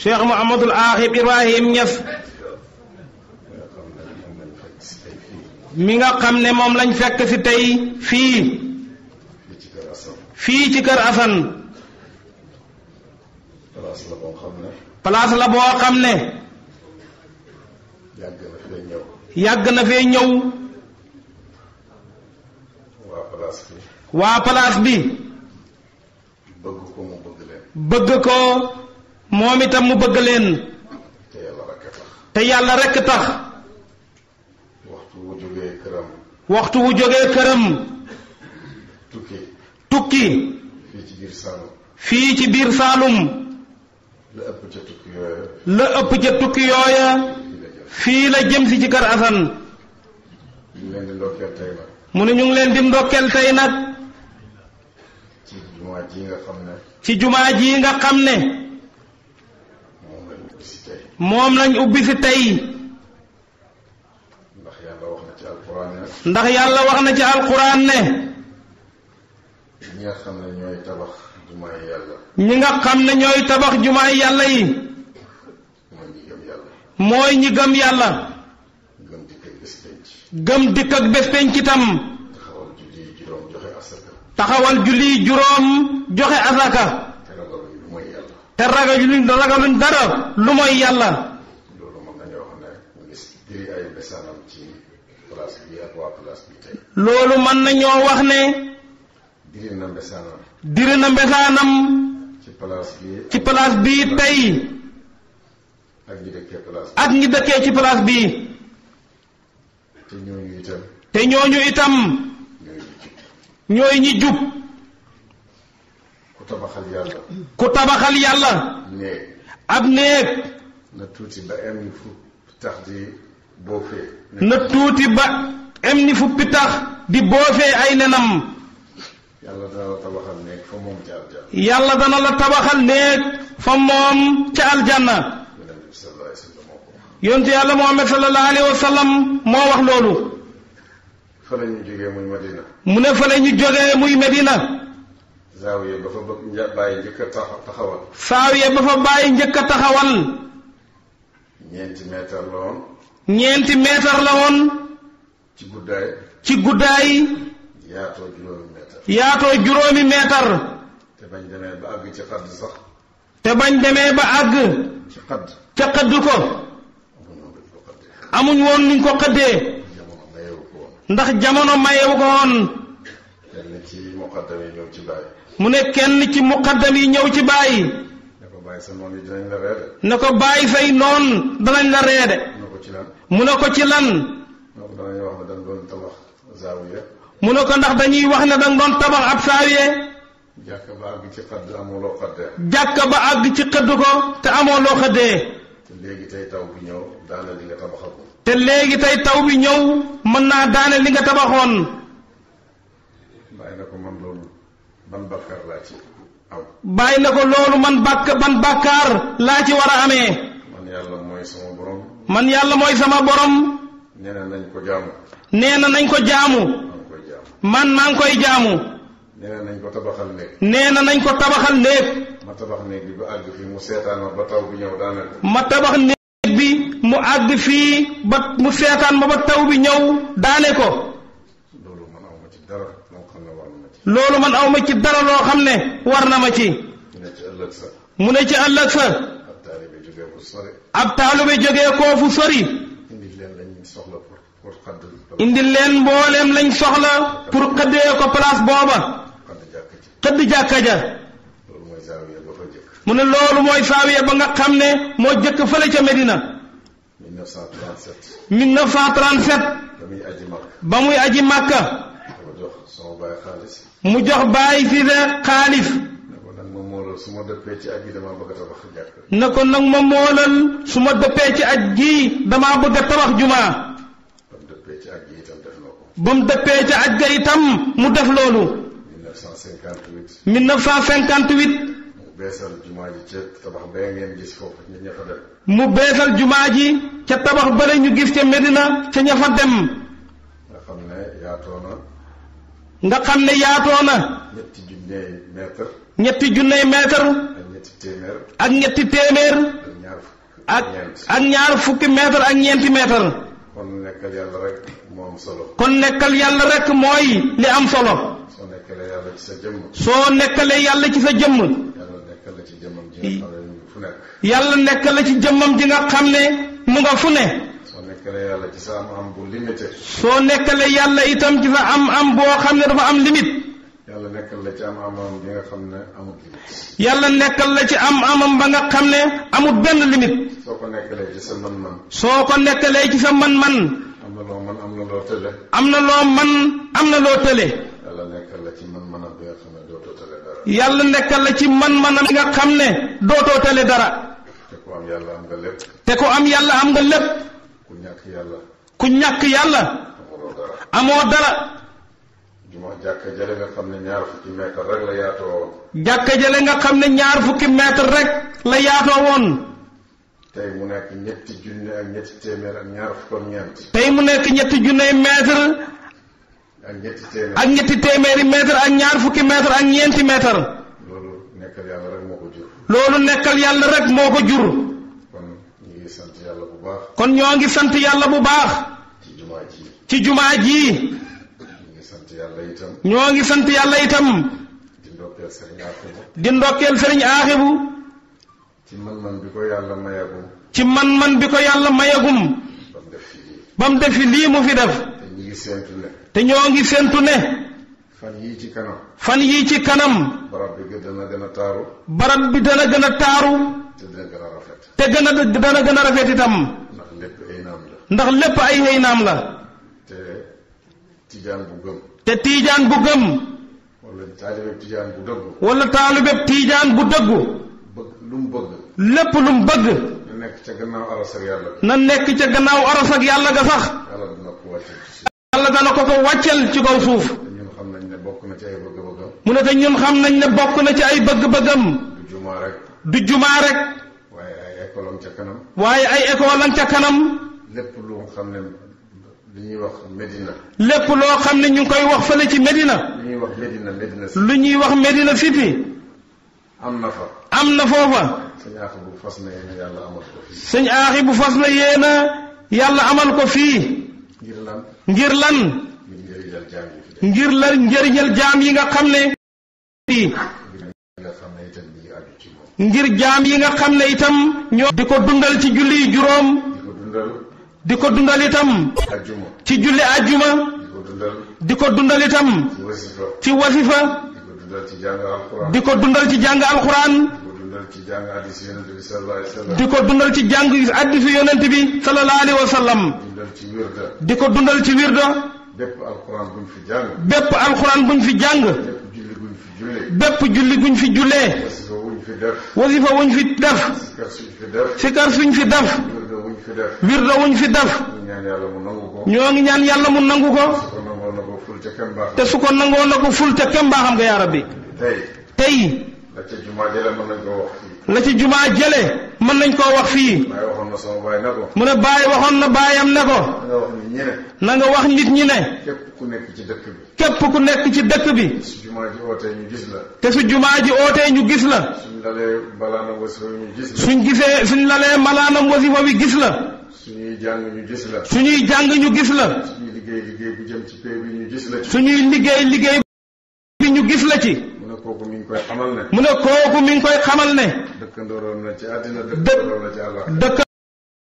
cheikh Mouhamadul Aaxib Ibrahim Niass mi nga xam ne moom lañ fekk si tey fii fii ci kër Assane place la boo xam ne yàgg na fee ñëw waa place bi bëgg ko moom itam mu bëgg leen te yàlla rekk tax waxtu wu jógee këram tukki fii ci biir Saalum fii la ëpp ca tukki yooya la ëpp ca fii la jëm ci kër Assane mu ne ñu ngi leen di ndokkeel tey nag ji nga xam ci jumaa ji nga xam ne moom lañ ubbi si tey ndax yàlla wax na ci alquran ne. ñi nga xam ne ñooy tabax jumaay yàlla. ñi nga yàlla yi. mooy ñi gëm yàlla. mooy gëm dikk ak bés penc. gëm taxawal julli juróom joxe asaka. taxawal julli juróom joxe asaka. te ragal luñ ragaluñ dara lu mooy yàlla. loolu mën nañoo wax ne firi ay mesaanam ci place bi wax ne. diri na mesaanam. ci place bi ci place tey. ak ñi dëkkee place ci place bi. te ñooñu itam. itam. ñooy ñi jub. tabaxal yàlla. ku tabaxal yàlla. ab néeg. na tuuti ba em ni fu tax di boofee. na ay nenam. yàlla dana la tabaxal néeg fa moom ca aljanna. yàlla yontu yàlla Muhammad moo wax loolu. mu ne fa la ñu jógee muy Medina. zaawiya ba fa bàyyi njëkk a taxawal. zaawiya ba fa bàyyi njëkk a taxawal. ñeenti mètre la woon. ci guddaay. yaatoo juróomi mètre. te bañ demee ba àgg ca xadd ko. amuñ woon nuñ ko xëddee. ndax jamono mayewu ko woon. mu ne kenn ci muqaddam yi ñëw ci bàyyi. na ko bàyyi sa noon yi dinañ la reede. na ko bàyyi say noon danañ la reede. mu ne ko ci lan. mu ne ko ci lan. mu ne ko danañ mu ne ko ndax dañuy wax ne dañ doon tabax ab zaawiya. jàkka ba àgg ci xëdd amoo loo xëddee. ci xëdd ko te amoo loo xëddee. te léegi tey taw bi ñëw daane te léegi taw bi ñëw mën naa daane li nga tabaxoon. ban bàkkaar laa ci bàyyi na ko loolu man bàkk ban bàkkaar laa ci war a amee. man yàlla mooy sama borom. man yàlla mooy sama borom. nee na nañ ko jaamu. nee na nañ ko jaamu. man maa ngi koy jaamu. nee nañ ko tabaxal néeg. nee na nañ ko tabaxal néeg. ma tabax néeg bi mu seetaan ma ba taw bi ñëw daaneel bi mu àgg fii ba mu seetaan ma ba taw bi ñëw daane ko. loolu man aw ma ci dara loo xam ne war na ma ci mu ne ci ëllëg sa ab taalube jógee koo fu sori indil leen mbooleem lañ soxla pour xëddee ko place booba xëdd jàkka ja mu ne loolu mooy saawiya ba nga xam ne moo jëkk fële ca Medina 1937 1937 ba muy ba muy aji màkka mu jox bàyyi si sa xaalif. na ko nag ma moolal su ma dëppee ci ak gii damaa bëgg tabax jumaa. ba mu dëppee ci aj ga itam mu def loolu. 1958. 1958. mu beesal jumaa ji ca tabax bee ngeen gis ji ca tabax bële ñu gis ca Medina ca ña fa dem. nga xam ne yaatoo na. ñetti junney mètre. ñetti junney ak ñetti téeméer. ak ñaar fukki mètre ak ñeenti mètre. kon nekkal yàlla rek kon nekkal yàlla rek mooy li am solo. soo nekkalee yàlla ci sa jëmm. soo nekkalee yàlla ci sa jëmm. yàlla nekkal la nekk. ci jëmmam ji nga xam ne mu nga fu ne. nekkalee yàlla ci sa am-am bu soo nekkalee yàlla itam ci sa am-am boo xam ne dafa am limite. yàlla nekkal la ci am-amam bi yàlla nekkal la ci am-amam ba nga benn limite. soo ko nekkalee ci sa man-man. soo ko nekkalee ci sa man-man. am na loo man am na loo tële. na loo man am na loo tële. yàlla nekkal la ci man-manam bi nga xam dara. nekkal la ci man-manam bi nga xam te ko am yàlla am nga lépp. ku ñàkk yàlla. ku ñàkk yàlla. amoo dara. juma jàkka jële nga xam ne ñaar fukki mètre rek la yaatoo woon. jàkka jële nga xam ne ñaar fukki mètre rek la yaatoo woon. tey mu nekk ñetti junne ak ñetti téeméer ak ñaar ñetti junne mètre. ak ñaar fukki mètre ak ñeenti mètre. loolu nekkal yàlla rek moo ko jur. yàlla bu baax. kon ñoo ngi sant yàlla bu baax. ci jumaa ji. ci jumaa ji. ñoo ngi sant yàlla itam. ngi sant yàlla itam. di ndokkeel sëriñ Aaxibu. di ndokkeel ci man-man bi ko yàlla mayagum. ci man-man bi ko ba mu def fi lii mu fi def. te ñoo ngi séentu ne. te fan yii ci kanam. fan barab bi dana gën a taaru. te dana gën a rafet. dana gën a rafet itam. ndax lépp ay naam la. ndax te tiijaan bu gëm. te tiijaan bu gëm. wala tiijaan bu dëggu. lépp lu bëgg. na nekk ca gannaaw aras yàlla. na nekk ca gannaaw sax. yàlla dana ko ci yàlla dana ko ko wàcceel ci kaw suuf. mu ne te ñun xam nañ ne bokk na ci ay bëgg-bëggam. du jumaa rek. waaye ay école am ca kanam. waaye ay école am ca kanam. lépp xam ne ñuy wax Medina. lépp loo xam ne ñu koy wax fële ci Medina. lu ñuy wax Medina Medina City. ñuy wax Medina City. am na fa. am na foofa. sëñ aaxi bu fas na yéena yàlla amal ko fii. yàlla amal ko fii. ngir lan. ngir lan. ngir jaam yi nga xam ne. ngir jaam yi nga xam ne itam ñoo di ko dundal ci julli juróom di ko dundal itam ci julli di ko dundal itam ci wasifa al ko dundal ci di ko dundal ci jàng addisu yonent bi sallallahu alayhi wa di ko dundal ci wirda bépp alxuraan buñ fi jàng bépp julli guñ fi jullee. wasifa wuñ fi def. su suñ fi def. wirda wuñ fi def. ñoo ngi ñaan yàlla mu nangu ko. te su ko nangoo ko ful te kem baaxam nga yaa tey. la ci jumaa jële mën nañ koo wax fii mu ne bàyyi waxoon na bàyyam ne ko na nga wax nit ñi ne képp ku nekk ci dëkk bi képp ku nekk ci dëkk bi te su jumaa ji ootee ñu gis la te su jumaa ji ootee ñu gis la suñ lalee malaanam wasifa wi gis la suñ gisee suñ lalee malaanam wasifa wi gis la suñuy jàng ñu gis la suñuy jàng ñu gis la suñuy liggéey liggéey bu jëm ci pay bi ñu gis la suñuy liggéey liggéey bi ñu gis la ci kooku mi ngi koy xamal ne. mu ne kooku mi ngi koy xamal ne. dëkkandooroon na ci àddina dëkkandooroon na ci àllaaxira. dëkk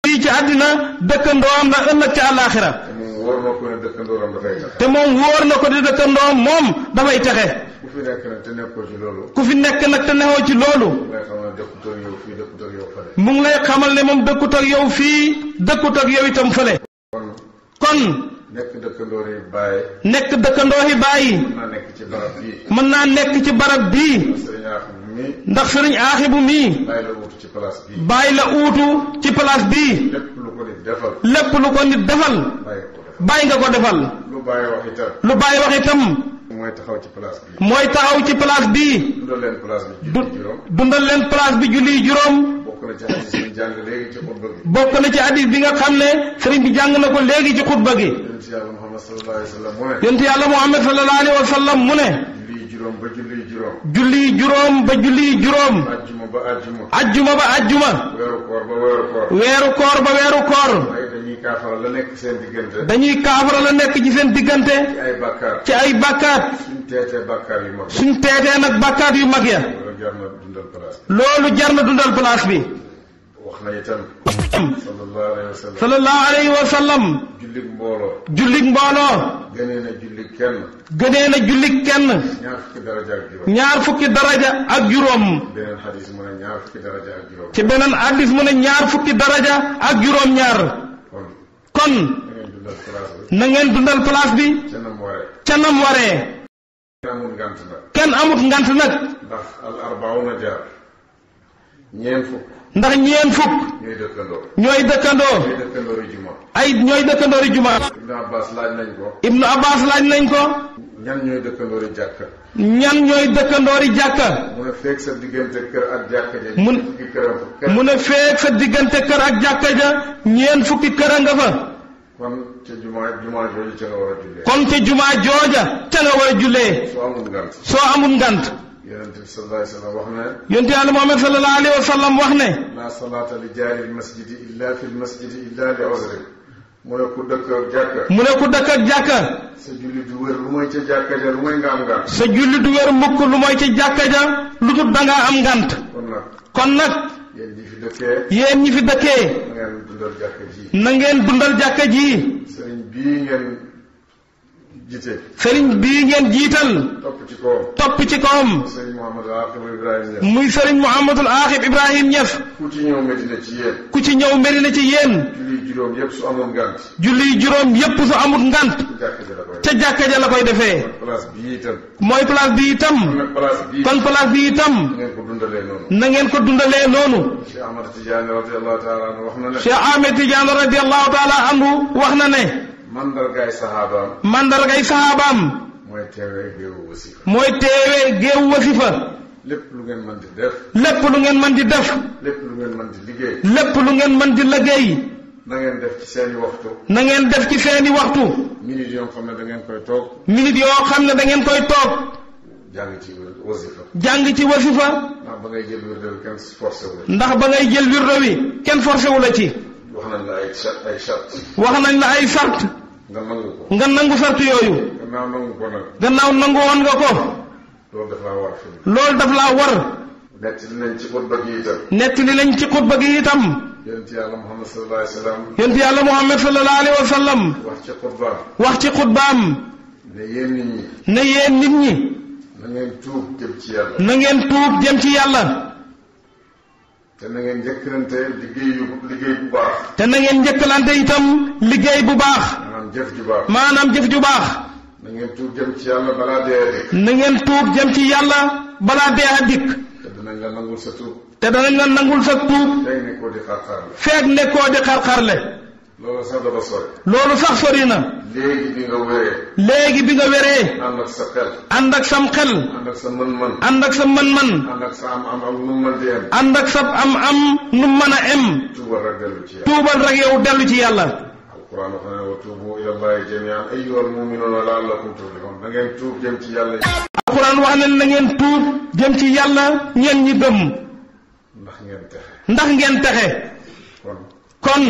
fii ci àddina dëkkandooroon na ëllëg ci àllaaxira. te moom wóor na ko ne dëkkandooroon dafay taxe. te moom wóor na ko ne dafay taxe. ku fi nekk nag te nekkoo ci loolu. mu ngi lay xamal ne moom dëkkut yow fii dëkkut yow itam fële. kon. nekk dëkkandoo yi bàyyi. nekk dëkkandoo yi bàyyi. mën naa nekk ci barab bii. naa nekk ci barab bii. ndax sëriñ aaxibu mii. bàyyi la uutu ci place bii. bàyyi la uutu ci place bii. lépp lu ko nit defal. lépp lu bàyyi nga ko defal. lu bàyyi wax itam. mooy taxaw ci place mooy taxaw ci place bi julli juróom. dundal leen place bi julli juróom. bokk na ci hadis bi nga xam ne sëriñ bi jàng na ko léegi ci xutba gi yonent yàlla Muhammad sallallahu alayhi wa sallam mu ne juróom ba julli juróom. julli juróom ba julli juróom. ajjuma ba ajjuma. ajjuma ba ajjuma. weeru koor ba weeru koor. weeru koor ba weeru koor. dañuy kaafara la nekk seen diggante. dañuy kaafara la nekk ci diggante. ay bakkaar. ci ay bakkaar. suñ teetee bakkaar yu mag. suñ teetee nag bakkaar yu mag ya. loolu jar na dundal place bi. wax na itam. sallallahu alayhi wa sallam. sallallahu alayhi ngeen dundal place bi. ca nam waree. kenn amut ngant nag. ñeent fukk ndax ñeent fukk. ñooy dëkkandoo. ñooy dëkkandoo. ay ñooy dëkkandoori juma. Ibnu Abbas laaj nañ ko. laaj nañ ko. ñan ñooy dëkkandoori jàkka. ñan ñooy dëkkandoori jàkka. mu ne feeg sa diggante kër ak jàkka ja. mun ak jàkka ja ñeent fukki kër a nga fa. kon ca jumaa jumaa jooja ca nga war a jullee. kon ca jumaa jooja ca nga a jullee. soo amul ngant. soo amul ngant. yonent bi sallallahu alayhi wa ne. yonent Yàlla Muhammad sallallahu alayhi wa sallam wax ne. laa salaata li jaari l mu ne ku dëkk ak jàkka. mu ne ku dëkk sa julli du wér lu lu mooy nga am ngant. sa julli du wér mukk lu mooy ca jàkka ja lu dul da ngaa am ngant. kon nag kon ñi fi dëkkee. yéen ñi fi dëkkee. na ngeen dundal jàkka ji. na ngeen dundal jàkka ji. sëriñ bii ngeen. sëriñ bii ngeen jiital. topp ci koom topp ci koom. muy sëriñ Mouhamadul Aaxib Ibrahim Niass. ku ci ñëw Medina ci yéen. ku ci ñëw Medina ci yéen. julli juróom yëpp su amul ngant. julli juróom yëpp su amul ngant. ca jàkka ja la koy defee. mooy place bi itam. kon place bi itam. na ngeen ko dundalee noonu. Cheikh Ahmed Tidiane radiyallahu taala anhu wax na ne. mandargaay saxaabaam. mandargaay saxaabaam. mooy teewee géewu wasifa. mooy teewee géewu wasifa. lépp lu ngeen mën di def. lépp lu ngeen man di def. lépp lu ngeen mën di liggéey. lépp lu ngeen mën di liggéey. na ngeen def ci seeni waxtu. na ngeen def ci xam ne da ngeen koy toog. minute yoo ne da ngeen koy toog. jàng ci wasifa. jàng ci wasifa. ndax ba ngay jël wirdo wi kenn forcé wu la. ndax ba ngay jël wirdo kenn forcé wu la ci. wax nañ la ay charte. wax nga nangu ko. nga nangu sartu yooyu. gannaaw nangu ko woon nga ko. loolu daf laa war. loolu daf laa war. nettali nañ ci xutba gi itam. nettali nañ ci xutba gi itam. yonent yàlla Muhammad sallallahu alayhi wa sallam. yonent yàlla Muhammad sallallahu alayhi wa sallam. wax ci xutbaam. wax ci xutbaam. ne yéen nit ñi. ne na ngeen tuub jëm ci yàlla. na ngeen tuub jëm ci yàlla. te na ngeen njëkkalante liggéey yu liggéey bu baax. jëf ju baax. maanaam jëf ju baax. na ngeen tuub jëm ci yàlla balaa dee a dikk. na ngeen tuub jëm ci yàlla balaa dee a dikk. te danañ la nangul sa tuub. te danañ la nangul sa tuub. feeg nekkoo di xarxarle. le nekkoo di xarxarle. loolu sax dafa sori. loolu léegi bi nga wéree. léegi bi nga ak sa xel. ànd sam xel. ànd ak sa mën-mën. ànd ak sa mën-mën. ànd ak sa am-am ak am. ànd sa am-am nu mën a am. tuubal rek dellu ci dellu ci yàlla. alquran wax na wa tuub jëm ci yàlla. alquran wax na ngeen ci yàlla ñeen ñi gëm. ndax ngeen texe. kon.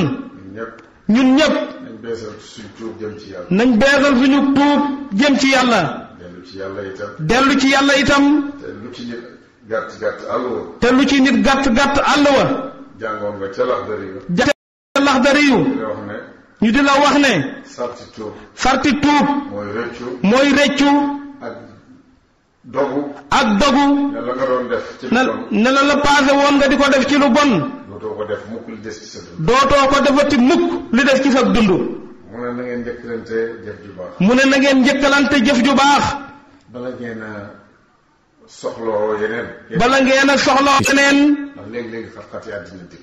ñun ñëpp. nañ beesal suñu tuub jëm ci yàlla. nañ beesal suñu tuub jëm ci yàlla. dellu ci yàlla itam. te lu ci nit gàtt gàtt àll wa. te lu ci nit gàtt gàtt àll wa. ñu di la wax ne. sarti tuub. sarti tuub. mooy rëccu. mooy ak dogu. ak dogu. ne la nga la la woon nga di ko def ci lu bon. dootoo ko def mukk li des ci sa dund. li des ci sa dund. mu ne na ngeen njëkkalante jëf ju baax. mu ne na ngeen njëkkalante jëf ju baax. bala ngeen a soxloo yeneen. bala ngeen a soxloo yeneen.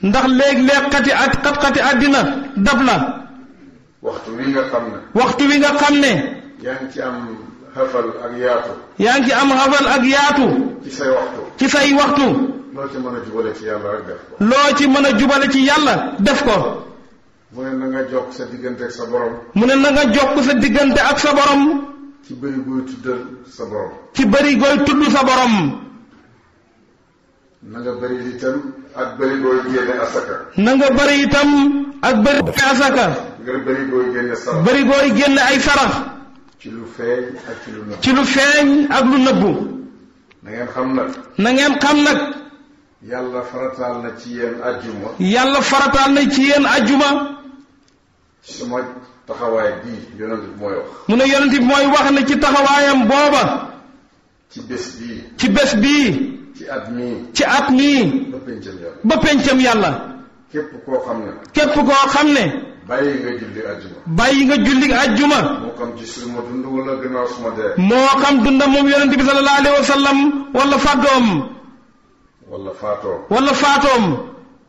ndax léeg-léeg xat-xati àddina. xat-xati àddina dab la. waxtu wi nga xam ne. waxtu wi nga xam ne. yaa ngi ci am xafal ak yaatu. yaa ngi ci am xafal ak yaatu. ci say waxtu. ci say waxtu. loo ci mën a jubale ci yàlla rek def ko. ci mën a jubale ci yàlla def ko. mu ne na nga sa diggante ak sa borom. na nga diggante ak sa borom. ci bëri ci bëri gooy tudd sa borom. na nga itam ak bëri gooy asaka. na bari bëri itam ak bëri asaka. bëri gooy génn ay sarax. ci lu feeñ ak ci lu nëbbu. ci lu feeñ ak lu nëbbu. na ngeen xam nag. na xam nag. yàlla farataal na ci yéen ajjuma. yàlla farataal na ci yéen bi mooy wax. mu ci taxawaayam booba. ci bés bii. ci bés bii. ci at mii. ci at mii. yàlla. ba pencam yàlla. képp koo xam ne. képp koo xam ne. bàyyi nga julli ajjuma. moo xam ci suma dund wala gannaaw suma dee. moo xam dundam moom yonent bi sallallahu faatoom.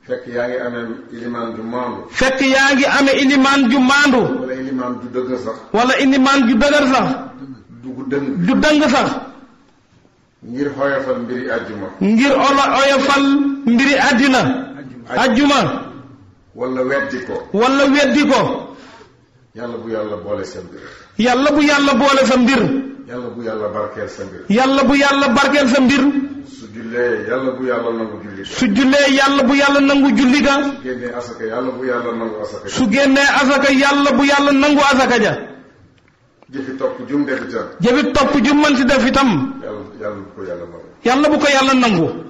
fekk yaa ngi amee ilimaan ju maandu. fekk ilimaan ju maandu. sax. du dëng. sax. ngir oyofal mbiri ajjuma. ajjuma. wala weddi ko. wala weddi ko. yàlla bu yàlla boole sa mbir. yàlla bu yàlla boole sa mbir. yàlla bu yàlla barkeel sa mbir. yàlla bu yàlla barkeel sa mbir. su jullee yàlla bu yàlla nangu julli ga. su bu yàlla nangu julli ga. su génnee asaka yàlla bu yàlla nangu asaka ja. su yàlla bu yàlla nangu asaka ja. jëfi topp jum def yàlla bu yàlla bu ko yàlla nangu.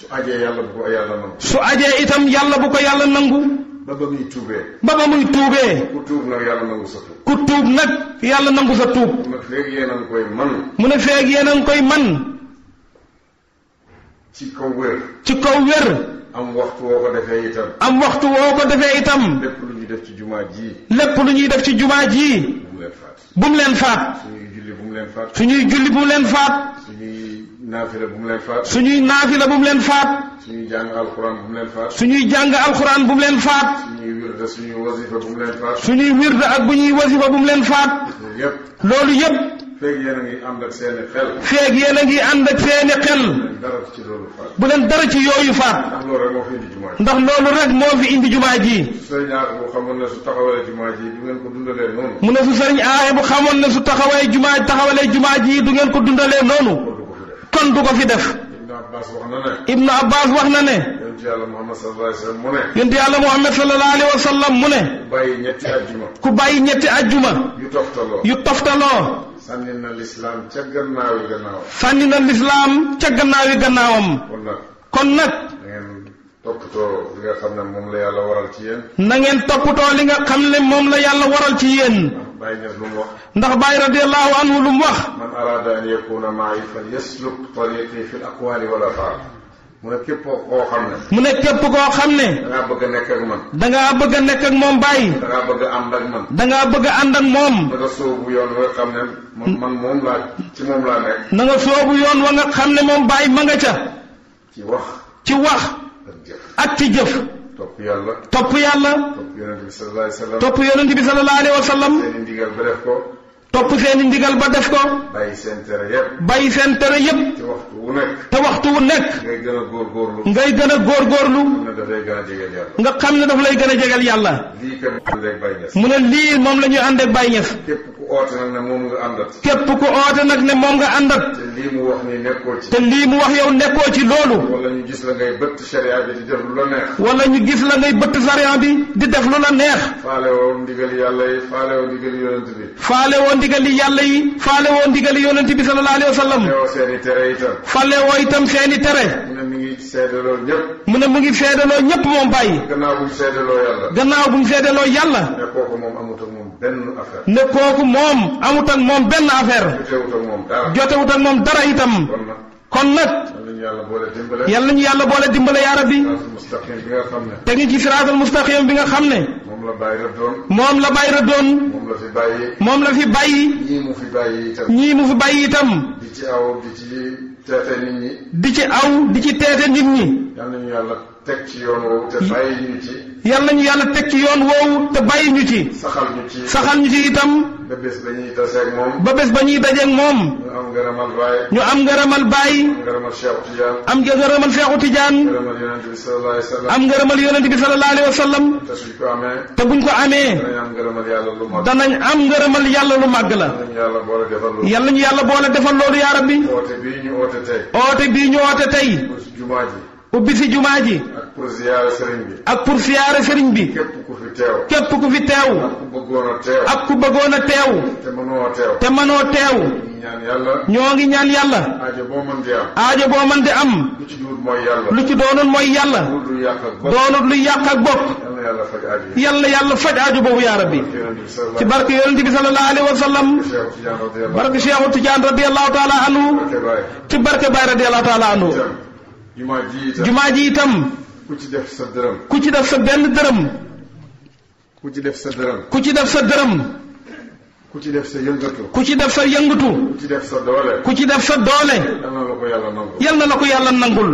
su ajee yàlla bu ko yàlla nangu. su ajee itam yàlla bu ko yàlla nangu. ba ba muy tuubee. ba ba muy tuubee. ku tuub nag yàlla nangu sa tuub. yàlla nangu sa tuub. mu ne feeg yéen a ngi koy man. mu ne feeg yéen koy man. ci kaw wér. ci kaw wér. am waxtu woo ko defee itam. am waxtu woo ko defee itam. lépp lu ñuy def ci jumaa ji. lépp def ci jumaa ji. bu mu leen faat. bu mu julli bu mu leen faat. suñuy julli bu mu leen faat. naafila bu mu leen faat. suñuy naafila bu mu leen faat. suñuy jàng alxuraan bu mu leen faat. suñuy jàng alxuraan bu mu leen faat. suñuy wirda suñuy wasifa bu mu leen faat. ak bu ñuy wasifa bu mu leen faat. loolu yëpp. loolu yëpp. feeg yéen a ngi ànd ak seeni xel. a ngi ànd ak seeni bu leen dara ci yooyu faat. ndax loolu rek moo fi indi jumaa ji. sëriñ Aaxe bu xamoon ne su taxawalee jumaa ji du ngeen mu ne su sëriñ Aaxe bu xamoon ne su taxawee jumaa ji du ngeen ko dundalee noonu. kon du ko fi def. Ibnu Abbas wax na ne. Ibnu Abbas wax na ne. yonent yàlla Muhammad sallallahu mu ne. yonent yàlla Muhammad sallallahu alayhi wa sallam mu ne. ku bàyyi ñetti ajjuma. ku bàyyi ñetti ajjuma. yu toftaloo yu na lislaam ca gannaawi gannaawam. kon nag. kon nag. na ngeen toppatoo li nga xam ne moom la yàlla waral ci yéen. na ngeen toppatoo li nga xam ne moom la yàlla waral ci yéen. ndax Baay radiyallahu anhu lu mu wax. man araada an yakuna maay fal yasluk tariqi fi l aqwali wal afaal mu ne képp koo xam ne. mu ne képp koo xam ne. dangaa bëgg a nekk ak man. dangaa bëgg a nekk ak moom Baay. dangaa bëgg a ànd ak man. dangaa bëgg a ànd ak moom. na nga soobu yoon wa nga xam ne man moom laa ci moom laa nekk. na nga soobu yoon wa nga xam ne moom Baay ma nga ca. ci wax. ci wax. ak ci jëf. topp yàlla. topp yàlla. topp yonent bi sallallahu alayhi wa sallam. topp yonent bi sallallahu alayhi wa sallam. seen i ndigal ba def ko. topp seeni ndigal ba def ko. bàyyi seen tere yëpp. bàyyi seen tere yëpp. te waxtu wu nekk. te waxtu wu nekk. ngay gën a góorgóorlu. ngay a góorgóorlu. nga xam ne daf lay gën a jegal yàlla. mu ne lii moom la ñuy ànd ak Baye Niass. képp ku oote nag ne moom nga àndat. képp ku oote nag ne moom nga te lii mu wax ni nekkoo ci. te lii mu wax yow nekkoo ci loolu. wala ñu gis la ngay bëtt sariya bi di def lu la neex. ñu gis la ngay bëtt bi def lu la neex. faale woon ndigal yàlla yi faale faale woon ndigali yàlla yi faale woo ndigali yonent bi wa sallam. faale woo itam seeni tere. mu ne mu ngi seedaloo ñëpp. mu ne mu ngi seedaloo ñëpp moom bàyyi. gannaaw bu mu seedaloo yàlla. gannaaw bu mu seedaloo yàlla. ne kooku moom amut moom benn affaire. ne moom dara itam. kon nag. yàlla nañu yàlla boole dimbale yaa rabbi te ngi ci siraatal mustaqim bi nga xam ne moom la bàyyi rëddoon moom la bàyyi rëddoon moom la fi bàyyi ñii mu fi bàyyi itam di ci aw di ci teete nit ñi di ci aw di ci teete nit ñi yàlla nañu yàlla teg ci yoon woowu te bàyyi ñu ci yàlla teg ci yoon woowu te bàyyi ñu ci saxal ñu ci itam ba bés ba ñuy dajeeg moom ñu am ngërëmal baay am ngërëmal Seexu Tijaan am ngërëmal yonent bi sallallahu alayhi wa sallam te buñ ko amee danañ am ngërëmal yàlla lu màgg la yàlla ñu yàlla boole defal loolu yaa rabbi oote bii ñu oote tey ubbi fi jumaa ji. ak pour siyaare sëriñ bi. ak pour siyaare bi. képp ku fi teew. ku fi ak ku bëggoon a teew. a teew. te mënoo teew. te mënoo teew. ñoo ngi ñaan yàlla. aajo boo mën di am. aajo boo lu ci doonul mooy yàlla. lu ci doonul mooy yàlla. doonul lu yàq ak bopp. yàlla yàlla faj aajo boobu yaa rabbi. ci barke yonent bi sallallahu alayhi wa sallam. barke Cheikhu Tidiane radiyallahu taala anhu. ci barke Baye radiyallahu taala anhu. jumaa ji itam jumaa ji itam. ku ci def sa dërëm. ku ci def sa benn dërëm. ku ci def sa dërëm. ku ci def sa dërëm. ku ci def sa yëngatu. ku ci def sa yëngatu. ci def sa doole. ku ci def sa doole. yal na la ko yàlla nangul. na la ko yàlla nangul.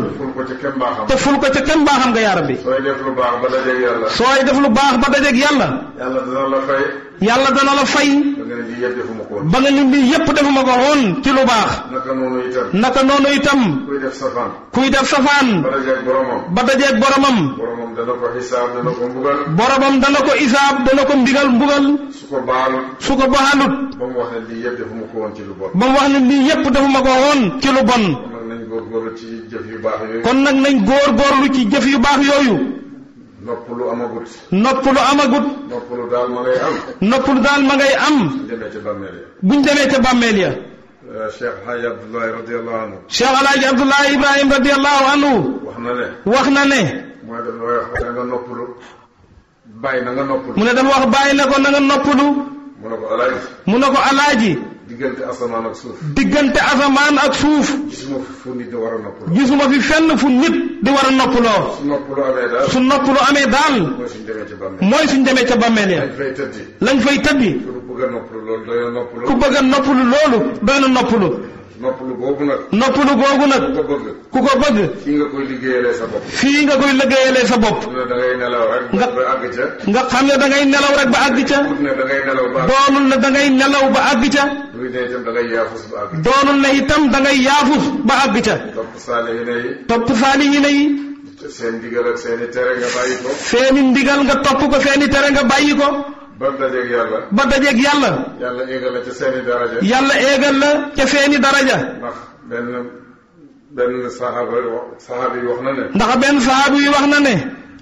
te ful ko ca kem baaxam nga yaara bi. sooy def lu baax ba dajeeg yàlla. def lu baax ba dajeeg yàlla. yàlla yàlla dana la fay. ba nga lim bi yépp defuma ko woon ci lu baax. naka noonu itam. naka noonu itam. kuy def safaan. kuy def ba dajeeg boromam. ba dajeeg boromam. boromam dana ko isaab dana ko mbugal. ko isaab dana ko mbigal mbugal. su ko baalut. su ko baalut. ba mu wax ne lii yépp defuma ko woon ci lu bon. ba mu wax ne lii yépp defuma ko woon ci lu bon. kon nag nañ góorgóorlu ci jëf yu baax yooyu. nopp lu amagut. nopp lu amagut. nopp lu daal ma ngay am. nopp daal ma ngay am. buñ demee ca bàmmeel ya. buñ demee ca Alhaji euh, Abdoulaye radiyallahu Ibrahim radiyallahu wax na ne. wax na ne. wax na nga noppalu. na nga noppalu. mu ne dafa na ko na diggante asamaan ak suuf. diggante asamaan ak suuf. gisuma fi fu nit di war a noppaloo. gisuma fi fenn fu di war a noppaloo. su noppaloo amee daal. su noppaloo amee daal. mooy suñ demee ca bàmmeel. mooy suñ demee ca bàmmeel ya. lañ fay tëddi. lañ fay tëddi. ku bëgg a noppalu loolu doy na noppalu. ku a noppalu loolu doy na noppalu googu nag. noppalu googu nag. ku ko bëgg. ku ko bëgg. fii nga koy liggéeyalee sa bopp. fii nga koy liggéeyalee sa bopp. da ngay nelaw rek ba àgg ca. nga xam ne da ngay nelaw rek ba àgg ca. doonul ne da ngay nelaw ba àgg ca. doonul ne da ngay nelaw ba àgg ca. doonul ne itam da ngay yaafus ba àgg ca. doonul ne itam da ngay yaafus ba àgg ca. topp saali yi ne yi. topp saali yi ne yi. seen ndigal ak seen i tere nga bàyyi ko. seen i ndigal nga topp ko seen i tere nga bàyyi ko. ba dajeeg yàlla. ba dajeeg yàlla. yàlla éegal la ca seeni daraja. yàlla éegal la ca seeni daraja. ndax benn benn saxaaba saxaaba yi wax na ne. ndax benn saxaaba yi wax na ne.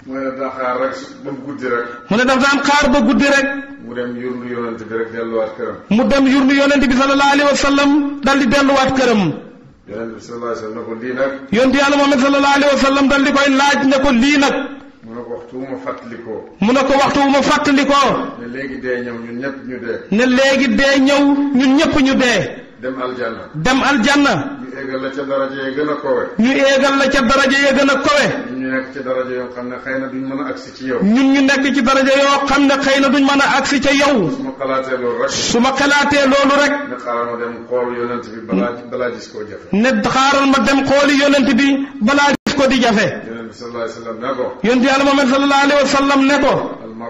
mu ne daan xaar rek ba guddi rek. mu ne daf daan xaar ba rek. mu dem yurnu yonent mu dem yurnu yonent bi wa sallam dal di delluwaat këram. bi sallallahu alayhi wa sallam ne ko lii nag. yonent yàlla Muhammad sallallahu alayhi wa sallam koy laaj ne ko lii nag. mu ne ko waxtu wu ma fàttalikoo. mu ko waxtu wu ma fàttalikoo. ne léegi dee ñëw ñun ñëpp ñu dee. ne léegi dee ñëw ñu dee. dem aljanna. dem aljanna. ñu éegal la ca daraja ya gën a kowe. ñu éegal la ca daraja ya gën a kowe. ñun ñu nekk ci daraja yoo xam ne xëy na duñ mën a agsi ci yow. ñun ñu ci daraja yoo na duñ mën a agsi ca yow. su ma xalaatee loolu rek. su ma xalaatee loolu rek. ne xaaral ma dem xool yonent bi balaa balaa gis ne xaaral ma dem xooli yonent bi balaa. ko di jafe. yonent bi sallallahu alayhi wa sallam ne ko. yonent yàlla Muhammad sallallahu alayhi wa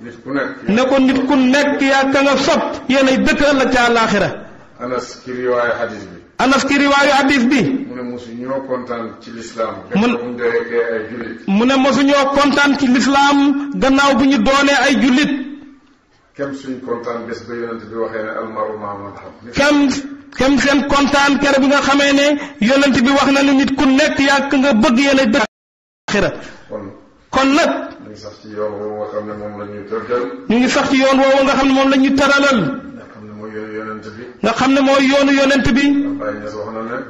nit ku nekk. ne ko nit ku nekk yaa ka nga sopp. yéen ay dëkk ëllëg ca àllaaxira. anas ki riwaayu hadis bi. anas ki riwaayu hadis bi. mu ne mosu ñoo kontaan ci lislaam. gannaaw bu ñu doonee ay jullit. mu ne mosu bu ñu doonee ay jullit. kem suñ kontaan bés ba yonent bi waxee ne almaru maa man ahab. xem seen kontaan kere bi nga xamee ne yonent bi wax na ne nit ku nekk yàgg nga bëgg yéen a dëkk xira kon nag ñu ngi sax ci yoon woowu nga xam ne moom la ñu tëralal nga xam ne mooy yoonu yonent bi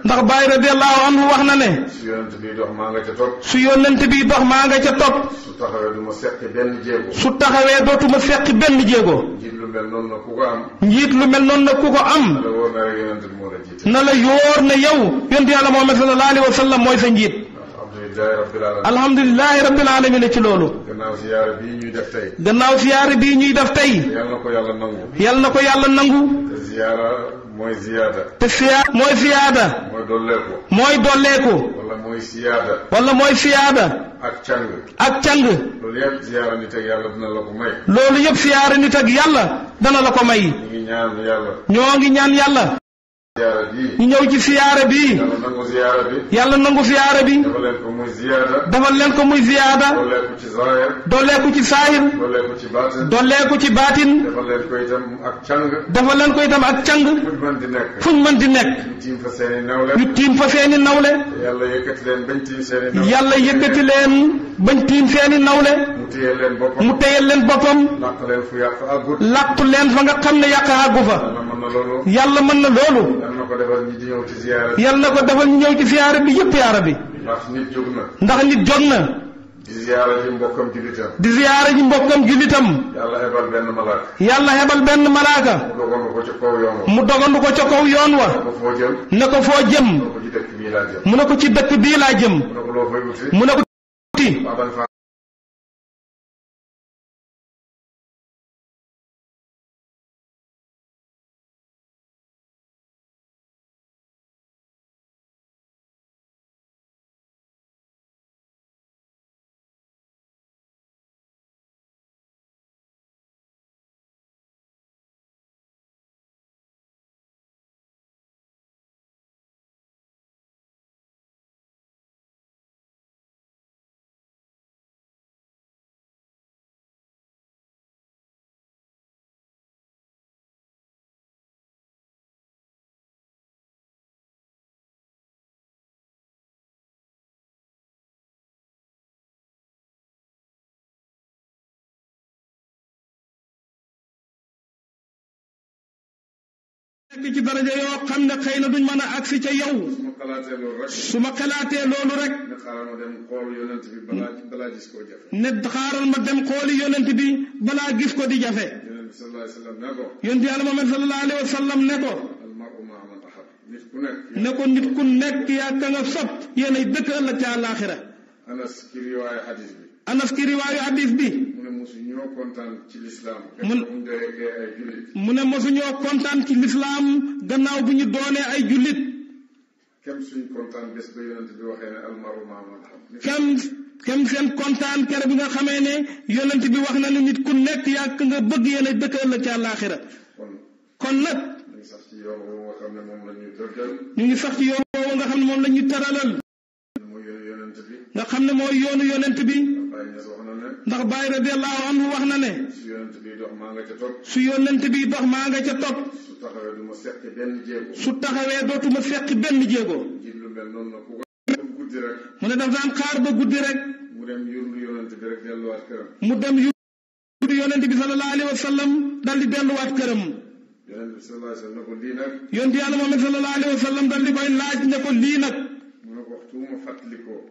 ndax Baay radiyallahu anhu wax na ne su yonent bi dox maa nga ca topp su yonent bi dox maa nga ca topp su taxawee du ma seqi benn jéego su taxawee dootuma seqi benn jéego njiit lu mel noonu na ku ko am njiit lu mel noonu na ku ko am na la yóor na yow yonent yàlla Muhammad sallallahu alayhi wa sallam mooy sa njiit alhamdulilahi rabbil alamin la ci loolu. gannaaw siyaare bii ñuy def tey. ñuy def tey. yal na ko yàlla nangu. na ko yàlla nangu. te siyaara mooy ziyaada. te siyaara mooy ziyaada. mooy mooy dolleeku. ak càng. ak càng. loolu yëpp siyaara nit ak yàlla dana la ko may. ñoo ngi ñaan yàlla. ñu ñëw ci siyaara bi yàlla nangu siyaara bi dafa leen ko muy ziyaada dafa leen ko muy ziyaada dooleeku ci zaahir dooleeku ci saahir dooleeku ci baatin ci baatin dafa leen ko itam ak càng dafa leen ak càng fuñ mën di nekk fuñ mën di nekk ñu tiim fa seeni nawle ñu tiim fa seeni yàlla yëkkati leen bañ tiim seeni nawle leen bañ tiim seeni nawle mu téyel leen boppam mu téyel leen boppam làq leen fu leen fa nga xam ne yàq àggu fa yàlla mën na loolu na ko defal ñi di ñëw ci ziyaara bi. yal na ko defal ñi ñëw ci ziyaara bi yëpp ndax nit jóg na. di ziyaara ji mbokkam jullitam. di ziyaara ji mbokkam jullitam. yàlla hebal benn malaaka. yàlla hebal benn malaaka. mu dogandu ko ca kaw yoon wa. mu dogandu ko ca kaw foo jëm. mu ne ci dëkk bii jëm. mu ne bi ci daraja yoo xam ne xëy na duñ mën a agsi ca yow su ma xalaatee loolu rek ne xaaral ma dem xooli yonent bi balaa gis ko di jafe yonent yàlla Muhammad sallallahu alayhi wa sallam ne ko ne ko nit ku nekk yaa ka nga sot yéenay dëkk ëllëg ca àllaaxira anas ki riwaayu hadis bi mu ne mosuñoo kontaan ci lislaam gannaaw bu ñu doonee ay jullit kem suñ kontaan bés ba yonent bi waxee ne almaru maa man xam kem seen kontaan kere bi nga xamee ne yonent bi wax na ne nit ku nekk yàq nga bëgg yéen a dëkkal la ci àllaaxira kon nag ñu ngi sax ci yoon woowu nga xam ne moom la ñu tëralal ñu ngi sax ci yoon woowu nga la ñu tëralal mooy yoonu yonent bi ndax Baay radiyallahu anhu wax na ne su yónnent bi dox maa nga ca topp su yónnent bi dox maa nga ca topp su taxawee du ma seq benn jéego su taxawee dootuma seq benn jéego mu ne daf daan xaar ba guddi rek mu dem yónni yónnent bi rek delluwaat këram mu dem yónni yónnent bi sallallahu alayhi wa sallam dal di delluwaat këram yónnent bi sallallahu alayhi wa sallam ne ko lii nag yónnent yàlla moom dal di koy laaj ne ko lii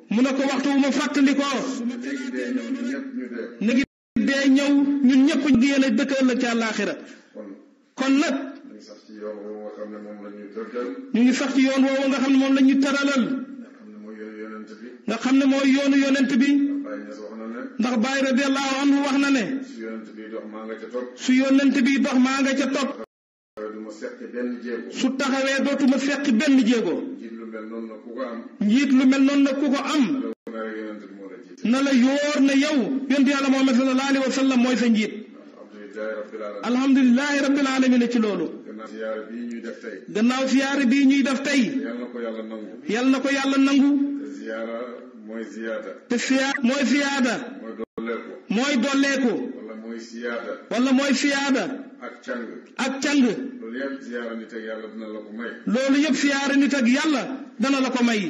mu ne ko waxtu wu ma fàttalikoo na ngi dee ñëw ñun ñëpp ngi yéen a dëkk ëllëg ca àllaaxira kon nag ñu ngi sax ci yoon woowu nga xam ne moom la ñu tëralal nga xam ne mooy yoonu yonent bi ndax Baay radiyallaahu anhu wax na ne su yonent bi dox maa nga ca topp su taxawee dootuma seqi benn jéego njiit lu mel noonu nag ku ko am na la yóor na yow yonent yàlla Muhammad sallallahu alayhi wa sallam mooy sa njiit alhamdulilahi rabbil alamin ci loolu gannaaw siyaare bii ñuy def tey yal na ko yàlla nangu te siyaara mooy siyaada mooy dolleeku wala mooy siyaada ak càng ak càng yëpp siyaare nit ak yàlla dana la ko may. loolu yëpp siyaare nit ak dana la ko may.